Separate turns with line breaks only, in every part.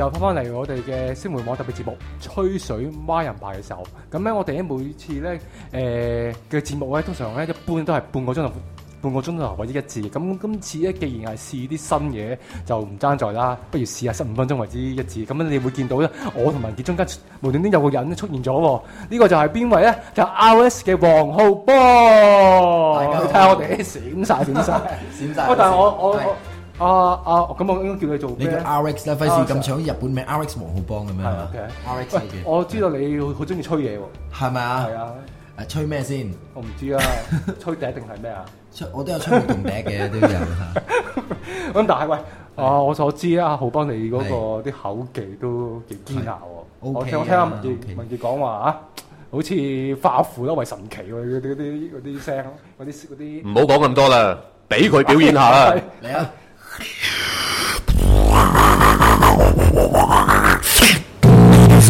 又翻翻嚟我哋嘅星匯網特別節目吹水孖人牌嘅時候，咁咧我哋咧每次咧誒嘅節目咧通常咧一般都係半個鐘頭半個鐘頭或者一節。咁今次咧既然係試啲新嘢，就唔爭在啦，不如試下十五分鐘為之一節。咁樣你會見到咧我同文杰中間無端端有個人出現咗，呢、這個就係邊位咧？就是、R.X 嘅黃浩
邦，睇下我哋閃
晒閃晒，但係我我我。啊啊！咁我應該叫佢做你叫 RX 啦，費事咁
搶日本名，RX 黃浩邦咁樣啊
！RX 嘅，我知道你好中意吹嘢喎，係咪啊？係啊！吹咩先？我唔知啊，吹笛定係咩啊？吹我都有吹過笛嘅，都有。咁但係喂，據我所知啊，浩邦你嗰個啲口技都幾堅下喎。我聽我聽文傑文傑講話啊，好似化腐都為神奇喎，嗰啲啲啲聲，嗰啲
啲。唔好講咁多啦，俾佢表演下啦，嚟啊！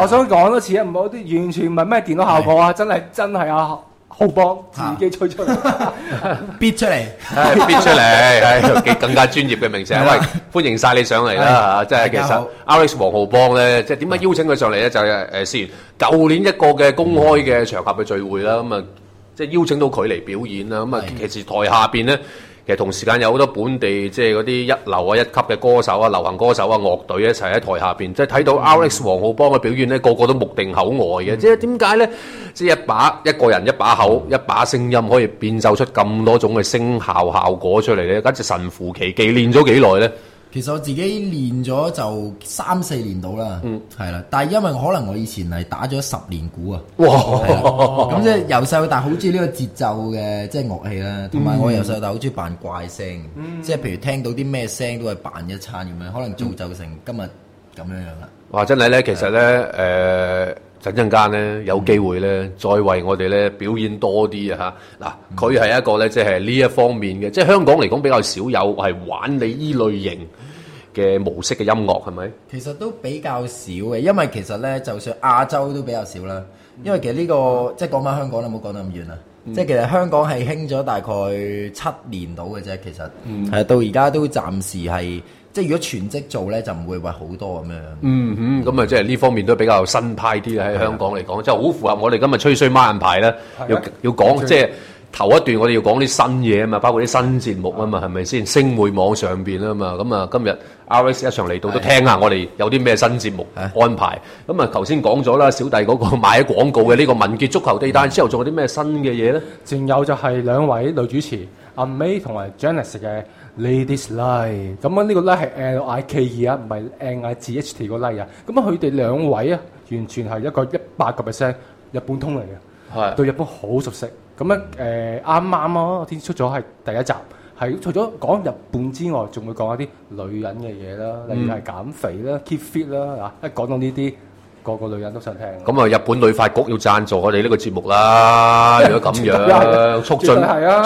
我
想講多次啊！唔好啲完全唔係咩電腦效果啊！真係真係啊！浩邦自己吹出嚟，憋出嚟，
憋出嚟，更加專業嘅名詞啊！歡迎晒你上嚟啦嚇！即係其實 R.X 黃浩邦咧，即係點解邀請佢上嚟咧？就係誒先，舊年一個嘅公開嘅場合嘅聚會啦，咁啊，即係邀請到佢嚟表演啦，咁啊，其實台下邊咧。其實同時間有好多本地即係嗰啲一流啊、一級嘅歌手啊、流行歌手啊、樂隊一齊喺台下面。即係睇到 R.X 黃浩邦嘅表演咧，個個都目定口呆嘅、嗯。即係點解咧？即係一把一個人一把口、嗯、一把聲音，可以變奏出咁多種嘅聲效效果出嚟咧？簡直神乎其技，練咗幾耐咧？
其實我自己練咗就三四年到啦，係啦、嗯，但係因為可能我以前係打咗十年鼓啊，咁即係由細到大好中意呢個節奏嘅即係樂器啦，同埋、嗯、我由細到大好中意扮怪聲，嗯、即係譬如聽到啲咩聲都係扮一餐咁樣，嗯、可能造就成今日咁
樣樣啦。或者你咧，其實咧，誒的～、呃陣間咧有機會咧，嗯、再為我哋咧表演多啲啊！嚇，嗱，佢係一個咧，即係呢一方面嘅，即係香港嚟講比較少有係玩你依類型嘅模式嘅音樂，係咪？
其實都比較少嘅，因為其實咧，就算亞洲都比較少啦。因為其實呢就其實、呢個即係講翻香港唔好講得咁遠啦。即係、嗯、其實香港係興咗大概七年到嘅啫，其實係、嗯、到而家都暫時係。即係如果全職做咧，就唔會話好多咁樣。
嗯哼，
咁、嗯、啊，嗯、即係呢方面都比較新派啲喺香港嚟講，即係好符
合我哋今日吹水孖人牌呢，要要講吹即係。頭一段我哋要講啲新嘢啊嘛，包括啲新節目啊嘛，係咪先？星匯網上邊啊嘛，咁啊今日 RX 一場嚟到都聽下我哋有啲咩新節目安排。咁啊頭先講咗啦，小弟嗰個買廣告嘅呢個文傑足球地單之後做啲咩新嘅嘢咧？仲有就係兩位女主持阿 May
同埋 Janice 嘅 Ladies Lie。咁啊呢個 Lie 係 L I K E 啊，唔係 N I G H T 個 Lie 啊。咁啊佢哋兩位啊，完全係一個一百個 percent 日本通嚟嘅，對日本好熟悉。咁咧誒啱啱咯，天出咗係第一集，係除咗講日本之外，仲會講一啲女人嘅嘢啦，例如係減肥啦、keep fit 啦嚇，一講到呢啲，個個女人都想聽。
咁啊，日本旅發局要贊助我哋呢個節目啦，如果咁樣，促進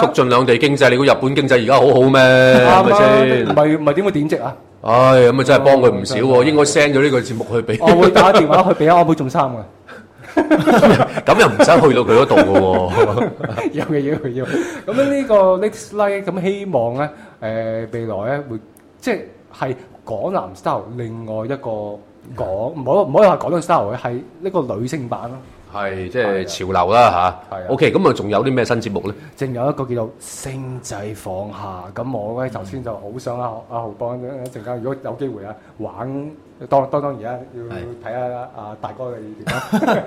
促進兩地經濟，你估日本經濟而家好好咩？啱啊，唔係唔係點會貶值啊？唉，咁啊真係幫佢唔少喎，應該 send 咗呢個節目去俾，我會打電話
去俾安倍晉三嘅。
咁又唔使去到佢嗰度嘅喎，
有嘅嘢佢要。咁咧呢個 next line，咁希望咧，誒未來咧會即係港男 style，另外一個港，唔好唔可以話港女 style 咧，係呢個女性版咯。
係即係潮流啦吓，嚇，OK 的。咁啊，仲有啲咩新節目咧？
正有一個叫做《星際放下》呢，咁我咧頭先就好想阿、啊、阿、啊、浩幫一陣間，如果有機會看看啊，玩當當當然啦，要睇下阿大哥嘅意見啦，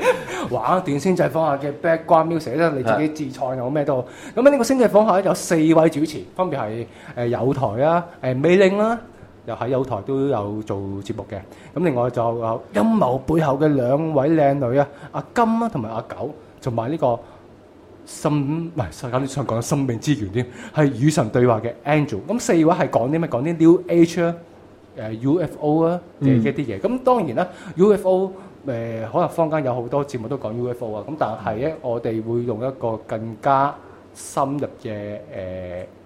玩一段《星際放下》嘅 Background Music 咧，你自己自創又好咩都好。咁啊，呢個《星際放下》咧有四位主持，分別係誒有台啊，誒美玲啦。又喺有台都有做節目嘅，咁另外就有陰謀背後嘅兩位靚女啊，阿金啊同埋阿九，同埋呢個生唔係，啱啱想講生命之源添，係與神對話嘅 Angel。咁四位係講啲咩？講啲 New Age 啊，誒 UFO 啊嘅一啲嘢。咁當然啦，UFO 誒可能坊間有好多節目都講 UFO 啊，咁但係咧我哋會用一個更加深入嘅誒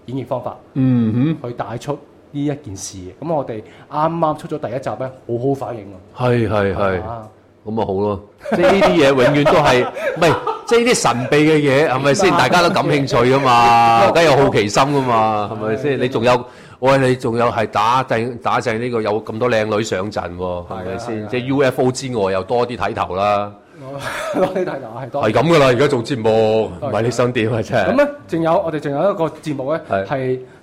演繹方法，嗯哼，去帶出。呢一件事，咁我哋啱啱出咗第一集咧，
好好反應喎。係係係，咁咪好咯。即係呢啲嘢永遠都係，唔係，即係呢啲神秘嘅嘢，係咪先？大家都感興趣噶嘛，梗有好奇心噶嘛，係咪先？你仲有，我哋仲有係打正，打正呢個有咁多靚女上陣喎，係咪先？即係 UFO 之外，又多啲睇頭啦。
多啲睇頭係多。係咁噶啦，
而家做節目，唔係你想點啊？真係。咁咧，仲有我哋，仲有一個節目咧，係。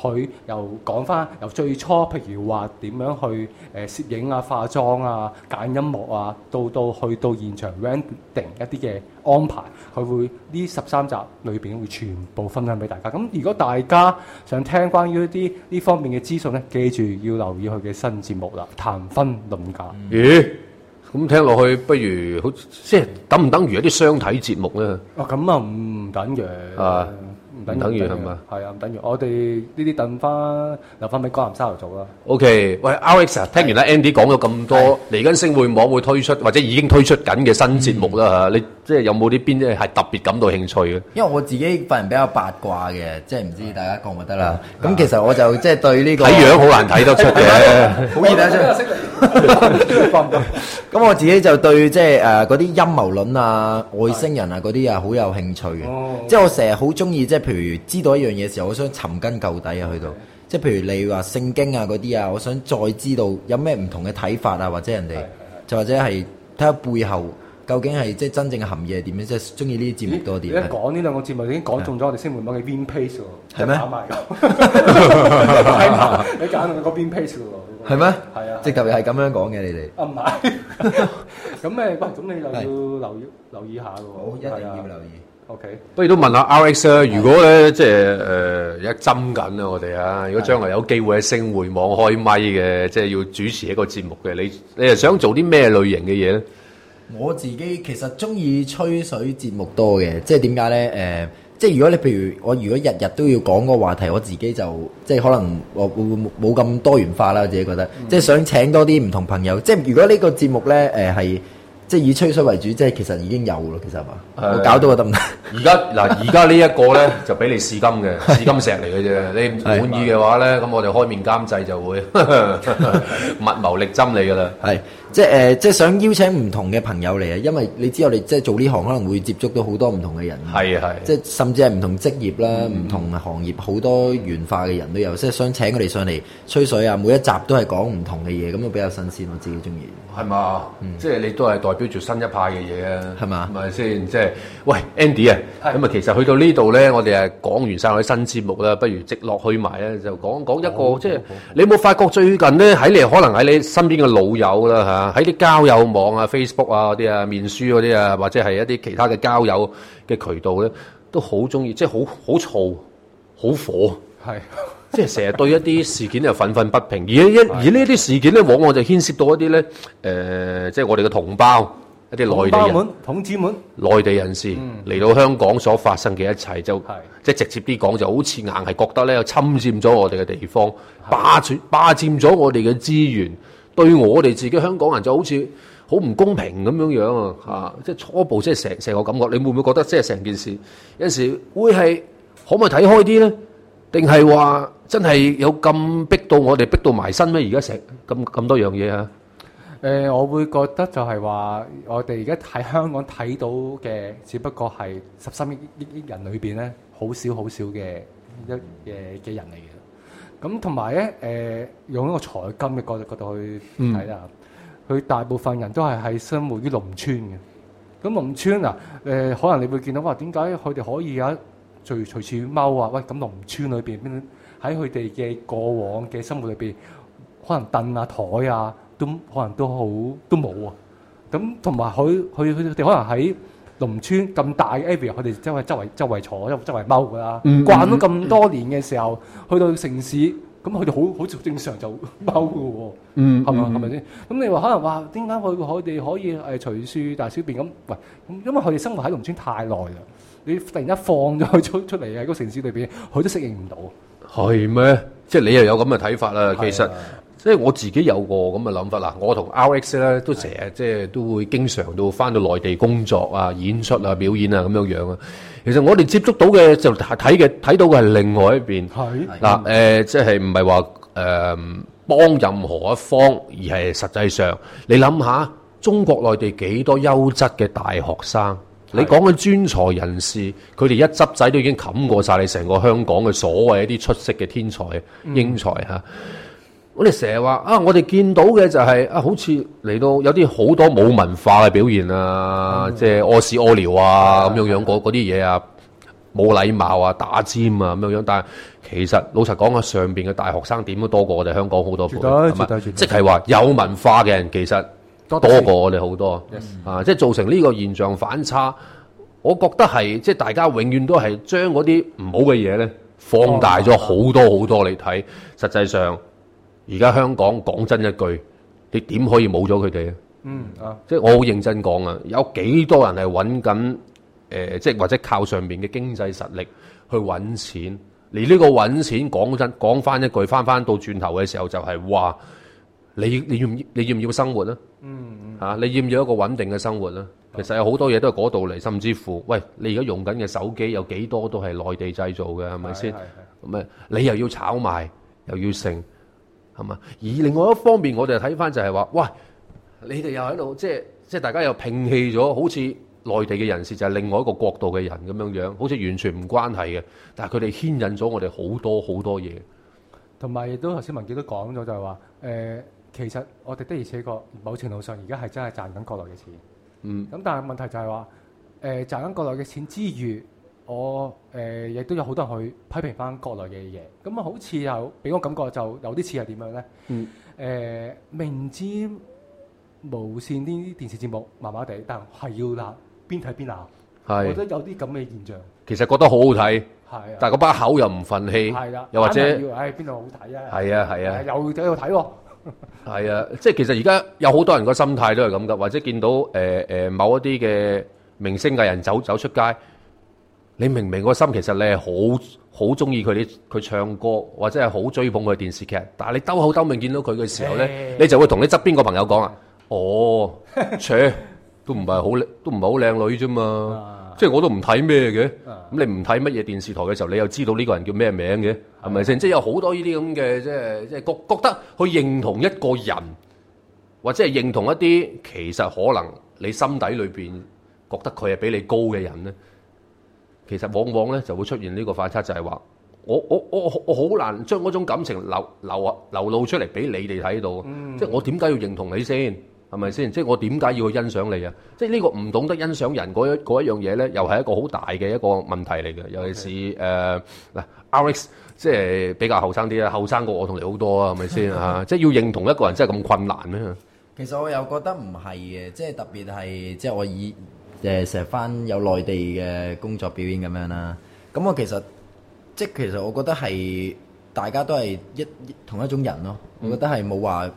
佢又講翻由最初，譬如話點樣去誒、呃、攝影啊、化妝啊、揀音樂啊，到到去到現場 rending 一啲嘅安排，佢會呢十三集裏面會全部分享俾大家。咁如果大家想聽關於一啲呢方面嘅資訊呢，記住要留意佢嘅新節目啦。談婚論
嫁，咦？咁、嗯啊、聽落去，不如好即係、就是、等唔等於一啲雙體節目咧？
哦，咁啊唔等嘅。
啊！唔等於係嘛？係啊，
唔等於嗎我哋呢啲等翻，留翻俾江南沙頭做啦。
OK，喂 Alex 啊，聽完啦是 Andy 講咗咁多，嚟緊是星匯網會推出或者已經推出緊嘅新節目啦嚇、嗯啊、你。即係有冇啲邊啲係特別感到興趣嘅？因
為我自己份人比較八卦嘅，即係唔知大家覺唔覺得啦。咁對 其實我就即係對呢、呢個睇樣好難睇得出嘅，好易睇出。咁我自己就對即係嗰啲陰謀論啊、外星人啊嗰啲啊，好有興趣嘅對。即係我成日好中意，即係譬如知道一樣嘢時候，我想尋根究底啊，去到對 即係譬如你話聖經啊嗰啲啊，我想再知道有咩唔同嘅睇法啊，或者人哋，就對或者係睇下背後。究竟係即係真正嘅含義係點樣？即係中意呢啲節目多啲。你
講呢兩個節目已經講中咗我哋星匯網嘅 Win Page 喎。係咩？你揀埋咁，你揀個個 Win Page 喎。係咩？係啊，即係特別係咁樣講嘅你哋。啊唔係，咁誒，郭總
你又要留意留意
下喎。
好，一定要留意。OK。不如都問下 R.X 咧，如果咧即係誒一針緊啊，我哋啊，如果將來有機會喺星匯網開咪嘅，即係要主持一個節目嘅，你你又想做啲咩類型嘅嘢咧？
我自己其實中意吹水節目多嘅，即係點解呢？呃、即係如果你譬如我如果日日都要講個話題，我自己就即係可能我會冇咁多元化啦。我自己覺得，嗯、即係想請多啲唔同朋友。即係如果呢個節目呢，係、呃、即係以吹水為主，即係其實已經有喇，其實係嘛，是我搞到我得唔得？
而家嗱，而家呢一個呢， 就俾你試金嘅，試是金石嚟嘅啫。你唔滿意嘅話呢，咁是我哋開面監製就會 密謀力針你噶啦，
係。即係誒、呃，即係想邀請唔同嘅朋友嚟啊！因為你知我哋即係做呢行，可能會接觸到好多唔同嘅人，係啊，即係甚至係唔同職業啦、嗯、唔同行業好多元化嘅人都有，即係想請佢哋上嚟吹水啊！每一集都係講唔同嘅嘢，咁都比較新鮮，我自己中意。係嘛？嗯、
即係你都係代表住新一派嘅嘢啊！係嘛？係咪先？即係喂 Andy 啊！咁啊，其實去到呢度咧，我哋係講完晒我哋新節目啦，不如直落去埋啊，就講講一個即係你冇發覺最近咧喺你可能喺你身邊嘅老友啦啊！喺啲交友網啊、Facebook 啊嗰啲啊、面書嗰啲啊，或者係一啲其他嘅交友嘅渠道咧，都好中意，即係好好嘈、好火，係是即係成日對一啲事件就憤憤不平，是而一而呢啲事件咧，往往就牽涉到一啲咧，誒、呃，即係我哋嘅同胞一啲內地人、同胞們、們內地人士嚟、嗯、到香港所發生嘅一切，就是即係直接啲講，就好似硬係覺得咧，又侵佔咗我哋嘅地方，霸佔霸佔咗我哋嘅資源。的對我哋自己香港人就好似好唔公平咁樣樣啊！嚇，即係初步，即係成成個感覺，你會唔會覺得即係成件事有時會係可唔可以睇開啲呢？定係話真係有咁逼到我哋逼到埋身咩？而家成咁咁多樣嘢啊！
誒，我會覺得就係話，我哋而家喺香港睇到嘅，只不過係十三億億人裏邊呢，好少好少嘅一誒嘅人嚟嘅。咁同埋咧，誒用一個財金嘅角度角度去睇啦。佢、嗯、大部分人都係喺生活於農村嘅。咁農村啊、呃，可能你會見到話點解佢哋可以呀、啊，一隨隨處踎啊？喂，咁農村裏邊邊喺佢哋嘅過往嘅生活裏面，可能凳啊、台啊，都可能都好都冇啊。咁同埋佢佢佢哋可能喺。農村咁大嘅 area，佢哋周圍周圍周圍坐，周周圍踎噶啦，mm hmm. 慣咗咁多年嘅時候，去到城市，咁佢哋好好正常就踎噶喎，係嘛係咪先？咁、hmm. mm hmm. 你話可能話點解佢佢哋可以係隨處大小便咁？喂，咁因為佢哋生活喺農村太耐啦，你突然間放咗佢出出嚟喺個城市裏面，佢都適應唔到。
係咩？即係你又有咁嘅睇法啦，的其實。即係我自己有個咁嘅諗法啦，我同 R X 咧都成日即係都會經常到翻到內地工作啊、是的 演出啊、表演啊咁樣樣啊。其實我哋接觸到嘅就睇嘅睇到嘅係另外一邊。嗱是的、呃、即係唔係話誒幫任何一方，而係實際上你諗下，中國內地幾多優質嘅大學生？是的 你講嘅專才人士，佢哋一執仔都已經冚過晒你成個香港嘅所謂一啲出色嘅天才、嗯、英才我哋成日話啊，我哋見到嘅就係、是、啊，好似嚟到有啲好多冇文化嘅表現啊，嗯、即係屙屎屙尿啊咁樣樣嗰啲嘢啊，冇禮、啊、的貌啊，打尖啊咁樣樣。但係其實老實講啊，上邊嘅大學生點都多過我哋香港好多，對即係話有文化嘅人其實多過我哋好多啊。即係造成呢個現象反差，我覺得係即係大家永遠都係將嗰啲唔好嘅嘢呢放大咗好多好多，多。哦、你睇實際上。而家香港講真一句，你點可以冇咗佢哋啊？嗯啊、呃，即係我好認真講啊！有幾多人係揾緊誒，即係或者靠上面嘅經濟實力去揾錢。你呢個揾錢講真講翻一句，翻翻到轉頭嘅時候就係、話、嘩，你你要唔你要唔要生活呢、嗯嗯、嚇？嗯你要唔要一個穩定嘅生活啊？嗯、其實有好多嘢都係嗰度嚟，甚至乎，喂，你而家用緊嘅手機有幾多都係內地製造嘅，係咪先？咁你又要炒賣，嗯、又要剩。係嘛？而另外一方面，我哋睇翻就係話，喂，你哋又喺度，即係即係大家又摒棄咗，好似內地嘅人士就係另外一個國度嘅人咁樣樣，好似完全唔關係嘅。但係佢哋牽引咗我哋好多好多嘢。
同埋亦都頭先文傑都講咗，就係話，誒，其實我哋的而且確某程度上而家係真係賺緊國內嘅錢。嗯。咁但係問題就係話，誒、呃，賺緊國內嘅錢之餘。我誒亦都有好多人去批評翻國內嘅嘢，咁啊好似又俾我感覺就有啲似係點樣咧？嗯誒，明知無線呢啲電視節目麻麻地，但係要鬧，邊睇邊鬧，係我覺得有啲咁嘅現象。
其實覺得好好睇，係但係嗰把口又唔憤氣，係啦，又或者
唉邊度好睇啊？
係啊，係啊，
又喺度睇喎。
係啊，即係其實而家有好多人個心態都係咁㗎，或者見到誒誒某一啲嘅明星藝人走走出街。你明唔明？個心其實你係好好中意佢，你佢唱歌或者係好追捧佢電視劇，但係你兜口兜面見到佢嘅時候咧，欸、你就會同你側邊個朋友講啊：欸、哦，切， 都唔係好都唔係好靚女啫嘛。啊、即係我都唔睇咩嘅，咁、啊、你唔睇乜嘢電視台嘅時候，你又知道呢個人叫咩名嘅，係咪先？即係有好多呢啲咁嘅，即係即係覺覺得去認同一個人，或者係認同一啲其實可能你心底裏邊覺得佢係比你高嘅人咧。嗯嗯其實往往咧就會出現呢個反差，就係話我我我我好難將嗰種感情流流啊流露出嚟俾你哋睇到，嗯、即係我點解要認同你先，係咪先？即係我點解要去欣賞你啊？即係呢個唔懂得欣賞人嗰一嗰一樣嘢咧，又係一個好大嘅一個問題嚟嘅。尤其是誒嗱 R.X，即係比較後生啲啦，後生過我同你好多啊，係咪先啊？ 即係要認同一個人真係咁困難咧。
其實我又覺得唔係嘅，即係特別係即係我以。誒成日返有內地嘅工作表演咁樣啦，咁我其實即係其實我覺得係大家都係一,一同一種人咯，嗯、我覺得係冇話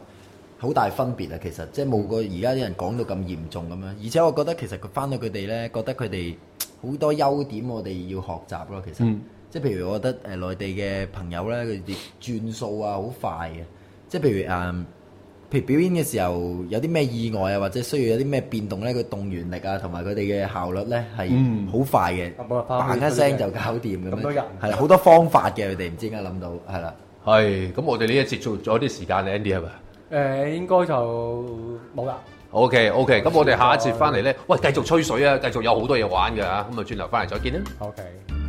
好大分別啊，其實即係冇個而家啲人講到咁嚴重咁樣。而且我覺得其實佢返到佢哋咧，覺得佢哋好多優點我哋要學習咯，其實、嗯、即係譬如我覺得誒、呃、內地嘅朋友咧，佢哋轉數啊好快嘅、啊，即係譬如啊。嗯譬如表演嘅時候有啲咩意外啊，或者需要有啲咩變動咧，佢動員力啊，同埋佢哋嘅效率咧係好快嘅，bang 一聲就搞掂咁。咁多人係好多方法嘅，佢哋唔知點解諗到，係啦。係，咁我哋呢一節做咗啲時間，Andy 係咪？
誒，應該就冇啦。
OK，OK，咁我哋下一節翻嚟咧，喂，繼續吹水啊，繼續有好多嘢玩㗎，咁啊，轉頭翻嚟再見啦。OK。